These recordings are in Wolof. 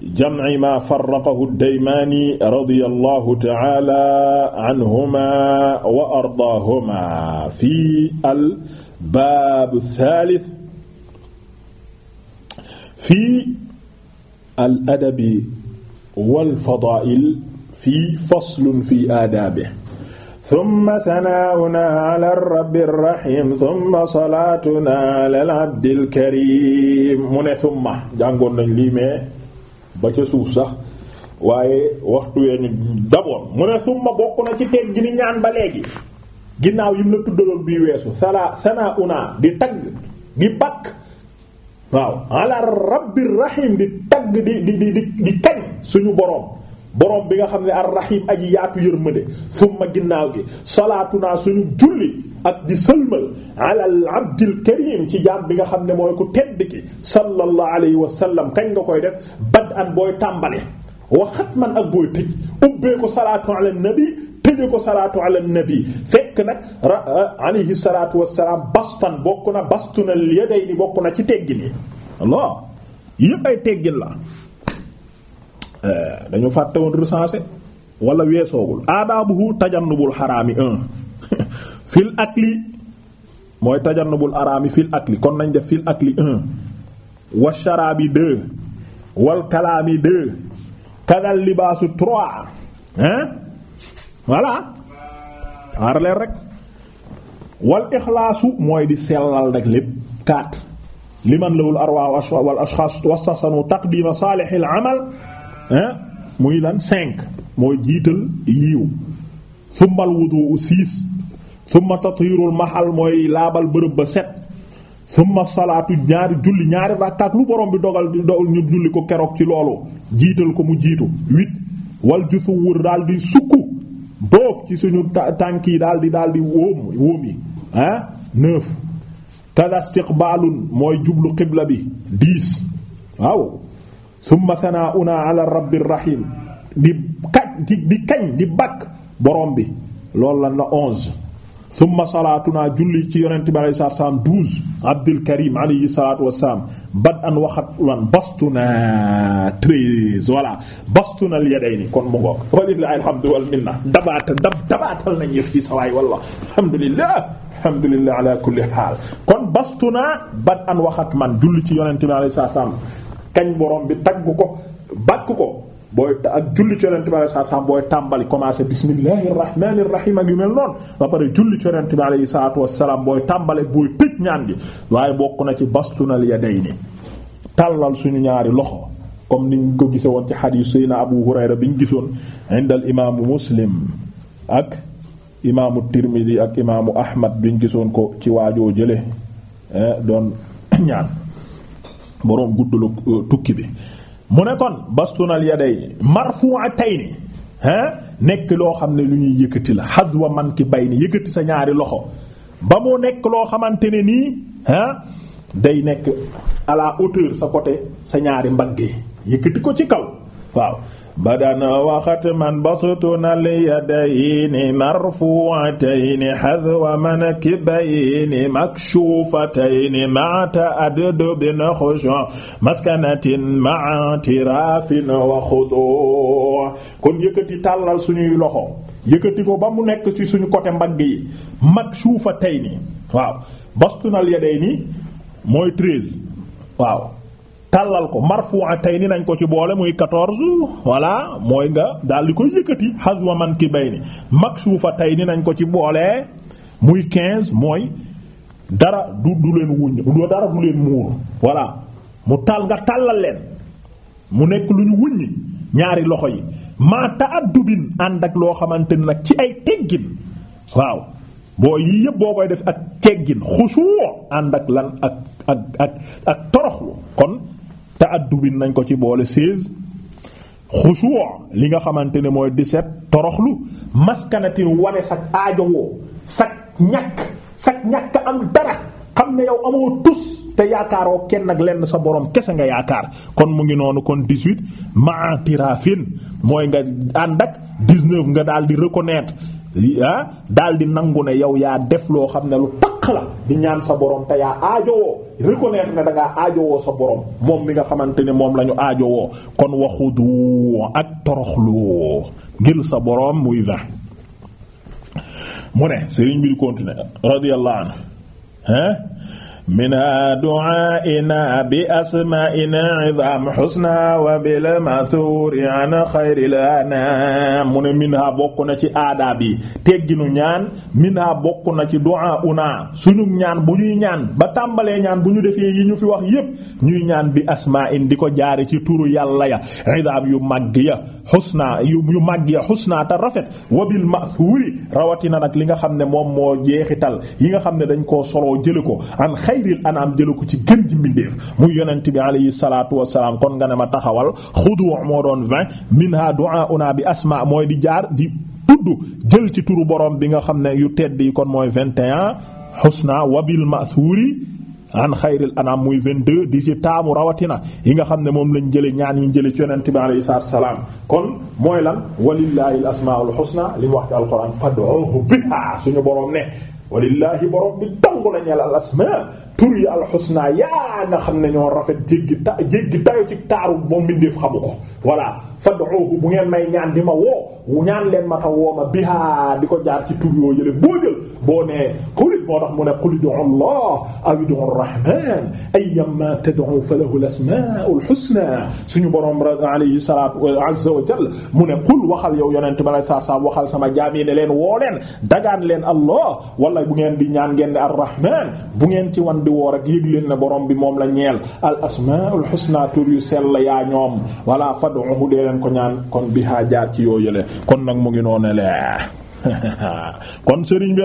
jam'i ma farraqahu ad-Daymaani radiyallahu ta'ala anhuma wa ardaahuma fi al-baab ath-thaalith fi al-adabi wal-fadaa'il fi faslun fi aadaabihi summa sanaa'unaa ala rabbi rahiim summa salaatunaa ala al-abdi al-kariim mu ne summa jàngoon nañ lii mais ba ca suuf sax waaye waxtu wee ñu daboon mu ne summa bokk na ci teg gi ni ñaan ba léegi ginnaaw yim la tuddaloon bii weesu sala sana una di tagg di bakk waaw ala rabbi rahim di tagg di di di di kañ suñu boroom borom bi nga xam ne arrahim aji yaatu yërmande summa ginnaaw gi salaatuna suñu julli ak di sëlmal alal abdil karim ci jaam bi nga xam ne mooy ku tedd ki sallallahu alayhi wa sallam kañ nga koy def bad an booy man ak booy tëj ko salaatu ala nabi tëje ko salaatu ala nabi fekk nag alayhi salatu wasalaam bastan bokk na bastuna al yadayni bokk na ci teggin yi Allah ay teggin la Eh, dañu fàtte woon recensé wala weesoogul aadaabuhu tajannubul xaraami fil akli mooy tajannubul araami fil akli kon nañ def fil akli un sharaabi wal kalaami deux kadal libaasu trois hein voilà aar leen rek wal ixlaasu mooy di sellal rek lépp quatre liman lahul arwaa wal ashxaas wastasanu taqdiima saalihil amal muy lan cinq mooy jiital yiw summal wudu six summa tathirul mahal mooy laabal bërëb ba set summa salaatu ñaari julli ñaari rakkaat lu borom bi dogal di dogal ñu julli ko keroog ci loolu jiital ko mu jiitu huit wal jusu wur daal di boof ci suñu tànk yi daal di daal di wóom wóom yi ah neuf xibla bi waaw summa sana'una ala rabbir rahim di kañ di kañ di bakk borom bi loolu la na onze summa salaatuna julli ci yonent bi alayhi salaam douze abdul karim alayhi salaatu wassalaam bad an waxat wan bastuna treize voilà bastuna al yadayni kon mu ngoog walillahi alhamdu wal minna dabaata dab dabaatal nañ yëf ci sawaay walla alhamdulillah alhamdulillah ala kulli haal kon bastuna bad an waxat man julli ci yonent bi alayhi salaam kañ borom bi tagg ko bàkk ko booy ak julli ci yonent bi alayhi salaam booy tàmbali commencé bismillahir rahmanir rahim ak yu mel noonu ba pare julli ci yonent bi alayhi salaatu wassalaam booy tàmbale booy tëj ñaan gi waaye bokk na ci bastunal yadayni tàllal suñu ñaari loxo comme niñ ko gise woon ci xadiis Seydina Abu Hurayra bi ñu gisoon indal imaamu Muslim ak imaamu Tirmidi ak imaamu Ahmad bi ñu gisoon ko ci waajoo jële eh, doon ñaan boroom guddalu euh, tukki bi mu ne kon bastunal yaday marfu'atayn hein nekk loo xam ne lu ñuy yëkkati la hadwa man ki bay ni yëkkati sa ñaari loxo ba mu nekk loo xamante ne nii hein day nekk à la sa côté sa ñaari mbagg yëkkati ko ci kaw waaw badan waxat man basutuna lyadayni marfuatayni xadwa mankibayni makshufatayni mata adobin xushu maskanatin maatirafin wa kon yëkkati tàllal suñuy loxo yëkkati ko ba mu nekk ci suñu côté mbagg yi makshufatayni waaw bastunal yadayni mooy treize waaw tàllal ko tey ni nañ ko ci boole muy quatorze voilà mooy nga daal di koy yëkkati hazwa tey maksufatayn nañ ko ci boole muy quinze mooy dara du du leen wuññ dara du leen muur voilà mu tàll nga tàllal leen mu nekk lu ñu wuññi ñaari loxo yi maa ta'addubin ànd ak loo xamante ni nag ci ay teggin waaw boo yii yëpp boo koy def ak teggin xusuur ànd ak lan ak ak ak ak toroxlu kon te addubin nañ ko ci boole seize xushu' li nga xamante ne mooy di set toroxlu maskanatin wane sag aajowoo sag ñàkk sag ñàkk am dara xam ne yow amoo tus te yaakaaroo kenn ak lenn sa borom kese nga yaakaar kon mu ngi noonu kon 18 maa tirafin mooy nga ànd ak 19 nga daal di reconnaitre ah daal di nangu ne yow yaa def loo xam ne lu tax àq di ñaan sa borom te yaa aajowoo reconnaître ne da ngaa aajowoo sa borom moom mi nga xamante ne moom la ñu aajowoo kon waxudu ak toroxlu ngir sa borom muy vingt. mu ne Serigne bi di continuer radiyallahu anhu hein minha du'aa'inaa bi asmaa'inaa 'izaam husnaa wa bil mathuuri bokk na ci aadaab yi tegginu ñaan minha bokk na ci du'aa'unaa suñu ñaan bu ñaan ba tàmbalee ñaan bu ñu defee yi ñu ñaan bi asmaa'in di ko jaare ci turu yàlla yu màgg ya husnaa yu yu rafet wa bil rawatina nag li nga xam ne moom moo jeexital yi nga xam ne dañ koo soloo jële ko an xayril ko ci gën ji mbindeef muy yonent bi alayhi salaatu wassalaam moo doon vingt minha du'auna bi asma mooy di jaar di tudd jël ci turu borom bi nga xam ne yu tedd yi kon mooy vingt et un husna wabil ma'thuri an xayril anam muy 22 di ci taamu rawatina yi nga xam ne moom lañ jële ñaan yi jële ci yonent bi alayhi salaatu salaam kon mooy lan walillahi al asmaul husna li mu wax ci alquran fad'uhu biha suñu borom ne walillahi borom bi dong la ñeel al asmaa tur yi alxusna yaa nga xam ne ñoo rafet jéggi ta jéggi tayo ci taaru moom mbindeef xamu ko voilà fad'uhu bu ngeen may ñaan di ma woo ñaan leen ma ta woo ma bihaa di ko jaar ci tur yoo yële boo jël boo nee xulit moo tax mu ne qul ud'u allah aw ud'u arrahman ayyama tad'u falahu al-asma'u al-husna suñu borom alayhi salatu azza wa jalla mu ne qul waxal yow yonent ba la sa sa waxal sama jaam yi ne leen woo leen dagaan leen wala bu ngeen di ñaan ngeen arrahman bu ngeen di woor ak yëg ne borom bi moom la ñeel al asmaul husna tur yu sell yaa ñoom wala fad'uhu dee leen ko ñaan kon bi haa jaar ci yoo yële kon nag mu ngi noone le kon sëriñ bi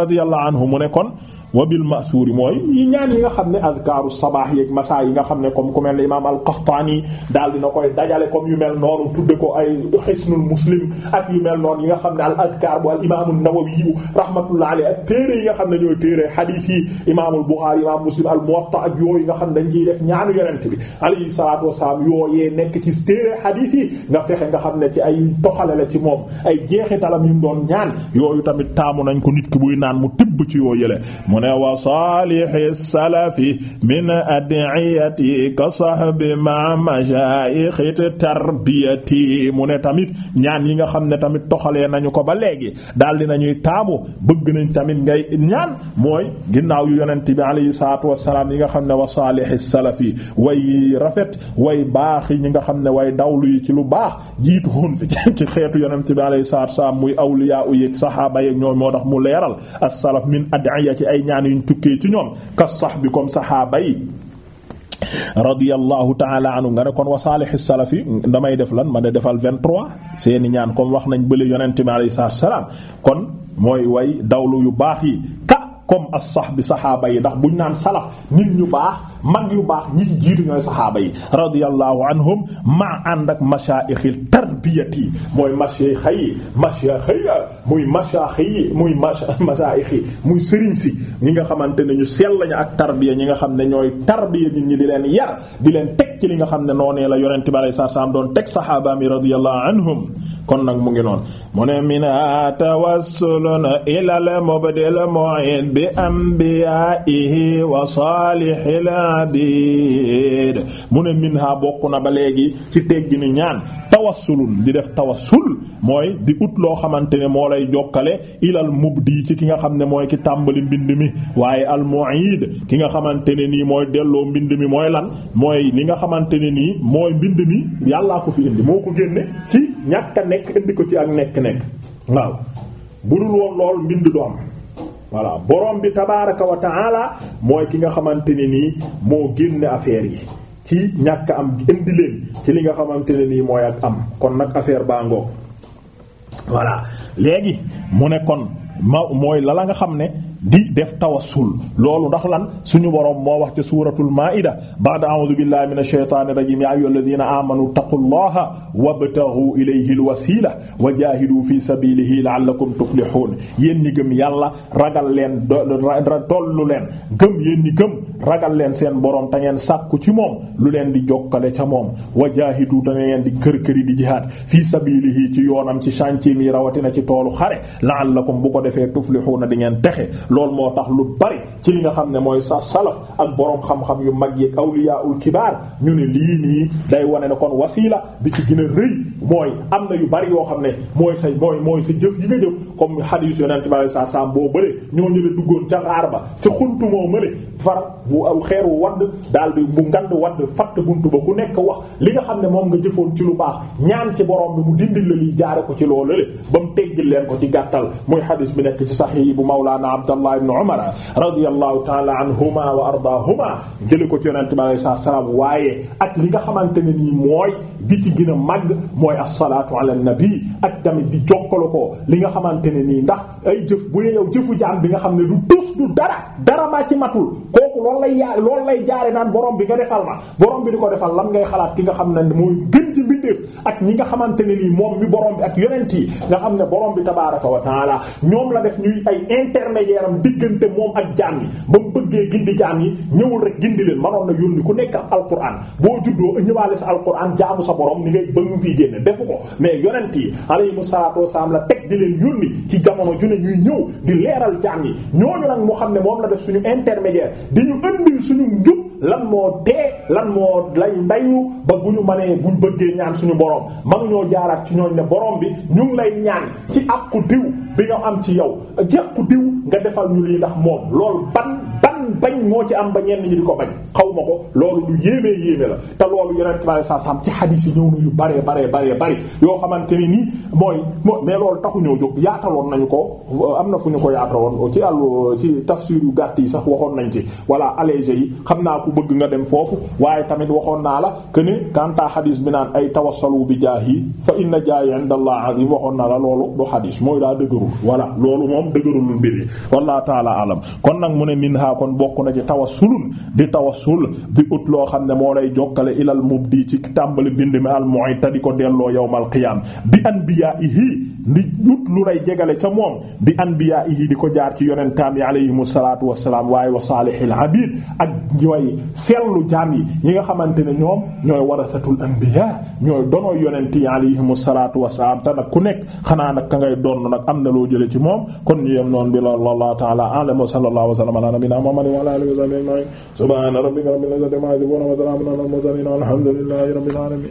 radiyallahu anhu mu ne kon wabil ma'thur mooy yi ñaan yi nga xam ne azkaaru sabaax yeeg masaa yi nga xam ne comme ku mel ni imaam al-Qaxtaani daal dina koy dajale comme yu mel noonu tudde ko ay xisnul ak yu mel noonu yi nga xam ne al azkaar bu al imaamu Nawawi rahmatullahi alayhi ak téere yi nga xam ne ñooy téere xadiis yi imaamul Buxaari imaam Muslim al Muwatta ak yooyu nga xam ne dañ ciy def ñaanu yonent bi alayhi salaatu wassalaam yooyee nekk ci téere xadiis yi nga fexe nga xam ne ci ay toxale la ci moom ay jeexitalam yu mu doon ñaan yooyu tamit taamu nañ ko nit ki buy naan mu tibb ci yoo yële ne wa salihi salafi min adiyati ka sahbi ma majaayixi tarbiyati mu ne tamit ñaan yi nga xam ne tamit toxalee nañu ko ba léegi daal di nañuy taamu bëgg nañ tamit ngay ñaan mooy ginnaaw yu yonent bi alayhi salaatu wassalaam yi nga xam ne wa salihi salafi way rafet way baax yi ñi nga xam ne way dawlu yi ci lu baax jiitu woon fi ci xeetu yonent bi alayhi salaatu wassalaam muy awliya u saxaaba yeeg ñoom moo tax mu leeral as-salaf min adiyati ay ñaan ñaan yuñ tukkee ci ñoom ka sax bi comme saxaaba yi radiyallahu taala anhu nga ne kon wa saalixi salafi damay def lan ma ne defal 23 seeni ñaan comme wax nañ bële yonent bi alayhi salaam kon mooy way dawlu yu baax yi ka comme as sax bi saxaaba yi ndax buñ naan salaf nit ñu baax. mag yu baax ñi ci jiitu ñooy saxaaba yi radiyallahu anhum ma ànd ak mashaayixil tarbiyati mooy mashaayix yi mashaayix muy mashaayix yi muy mashaayix yi muy sëriñ si ñi nga xamante ne ñu sell lañu ak tarbiya ñi nga xam ne ñooy tarbiya nit ñi di leen yar di leen teg ci li nga xam ne noonee la yonent bi alayhi salaam doon teg saxaaba mi radiyallahu anhum kon nag mu ngi noonu mu ne a tawassulun ilal mubdil mu'id bi anbiya'ihi wa salihil abid mu ne minha bokk na ba léegi ci tegginu ñaan tawassulun di def tawassul mooy di ut loo xamante ne moo lay jokkale ilal mubdi ci ki nga xam ne mooy ki tàmbali mbind mi waaye al mu'id ki nga xamante ne nii mooy delloo mbind mi mooy lan mooy li nga xamante ne nii mooy mbind mi yàllaa ko fi indi moo ko génne ci ñàkk a nekk indi ko ci ak nekk-nekk waaw bu dul woon lool mbind du am voilà borom bi tabaaraka wa taala mooy ki nga xamante ni nii moo génne affaire yi ci ñàkk am indi ci li nga xamante ne nii mooy ak am kon nag affaire baa ngoog voilà léegi mu ne kon ma mooy lala nga xam ne. di def tawassul loolu ndax lan suñu borom moo wax ci suuratul maa'ida ba'da a'uudu billahi minash shaytaanir rajiim yaa ayyuhalladhiina aamanu ittaqullaha wabtaghu ilayhi alwasiila wa jaahidu fi sabiilihi la'allakum tuflihuun yéen ñi gëm yàlla ragal leen tollu leen gëm yéen ñi gëm ragal leen seen borom ta ngeen sàkku ci moom lu leen di jokkale ca moom wa jaahidu te ngeen di kër këri di jihaad fi sabiilihi ci yoonam ci chantier yi rawatina ci toolu xare la'allakum bu ko defee tuflihuuna di ngeen texe loolu moo tax lu bari ci li nga xam ne mooy sa salaf ak boroom xam-xam yu mag yi awliyaul kibaar ñu ne lii nii day wane na kon wasiila bi ci gën rëy mooy am na yu bari yoo xam ne mooy say mooy mooy sa jëf yi nga jëf comme xadiis yonent bi saa saam boo bële ñoo ñële duggoon ca xaar ba ca xuntu moo mële far bu aw xeer wu daal di bu ngand wadd fatt buntu ba ku nekk wax li nga xam ne moom nga jëfoon ci lu baax ñaan ci borom bi mu dindil la liy jaare ko ci loolu le ba mu teggil leen ko ci gàttal muy xadiis bi nekk ci saxiix bu mawlaana abdallah abdullah ibn umar radiyallahu taala anhuma wa ardaahuma jële ko ci yonente bi alayhi salaam waaye ak li nga xamante ne nii mooy bi ci gën a màgg mooy as-salaatu ala nabi ak tamit di jokkalu ko li nga xamante ne nii ndax ay jëf bu yow jëfu jaam bi nga xam ne du tus du dara dara maa ci matul kooku loolu lay yaa loolu lay jaare naan borom bi nga defal ma borom bi di ko defal lan ngay xalaat ki nga xam ne mooy gën mbindeef ak ñi nga xamante ne nii moom mi borom bi ak yonent yi nga xam ne borom bi tabaaraka wa taala ñoom la def ñuy ay intermédiaire am diggante moom ak jaam yi ba mu bëggee gindi jaam yi ñëwul rek gindi leen manoon na yónni ku nekk am alquran boo juddoo ñëwaale sa alquran jaamu sa borom ni ngay ba mu fi génne defu ko mais yonent yi alayhimu salaatu wasalaam la teg di leen yónni ci jamono ju ne ñuy ñëw di leeral jaam yi ñooñu nag moo xam ne moom la de suñu intermédiaire lan moo dee lan moo lay ndayu ba bu ñu mënee bu ñu bëggee ñaan suñu borom mënuñoo jaaraat ci ñooñ ne borom bi ñu ngi lay ñaan ci àqu diw bi nga am ci yow jàqu diw nga defal ñu lii ndax moom loolu ban ban bañ moo ci am ba ñenn ñi di ko bañ xaw ma ko loolu lu yéemee yéeme la te loolu yonent bale saa sam ci xadiis yi ñëw na yu baree baree baree bari yoo xamante ni nii moo mais loolu taxu ñoo jóg yaataloon nañu ko euh, am na fu ñu ko yaataloon ci àllu ci tafsir yu gàtt yi sax waxoon nañ ci voilà allégé yi xam naa ko bëgg nga dem foofu waaye tamit waxoon naa la que ni kanta xadiis bi naan ay tawassalu bi jaahi fa inna jaahi inda allah azim waxoon naa la loolu du xadiis mooy daa dëgg dëgërul voilà loolu moom dëgërul mbir yi wallahu taala alam kon nag mu ne minha kon bokk na ci tawassulun di tawassul di ut loo xam ne moo lay jokkale ilal mubdi ci tàmbali bind mi al mu'tadi ko delloo yawmal qiyaam bi anbiyaa'ihi di ut lu lay jegale ca moom bi anbiyaa'ihi di ko jaar ci yonentaam yi alayhimu salaatu wassalaam waaye wa saalihil abiid ak ñooy sellu jaam yi ñi nga xamante ne ñoom ñooy warasatul anbiyaa ñooy donoo yonent yi alayhimu salaatu wassalaam te nag ku nekk loo jële ci moom kon ñu yem noonu bi la wallahu ta'ala a'lam wa sallallahu wa sallama ala nabiyyina muhammadin wa ala alihi wa sahbihi ajma'in subhana rabbika rabbil izzati amma yasifun wa salamun ala al mursalin walhamdulillahi rabbil alamin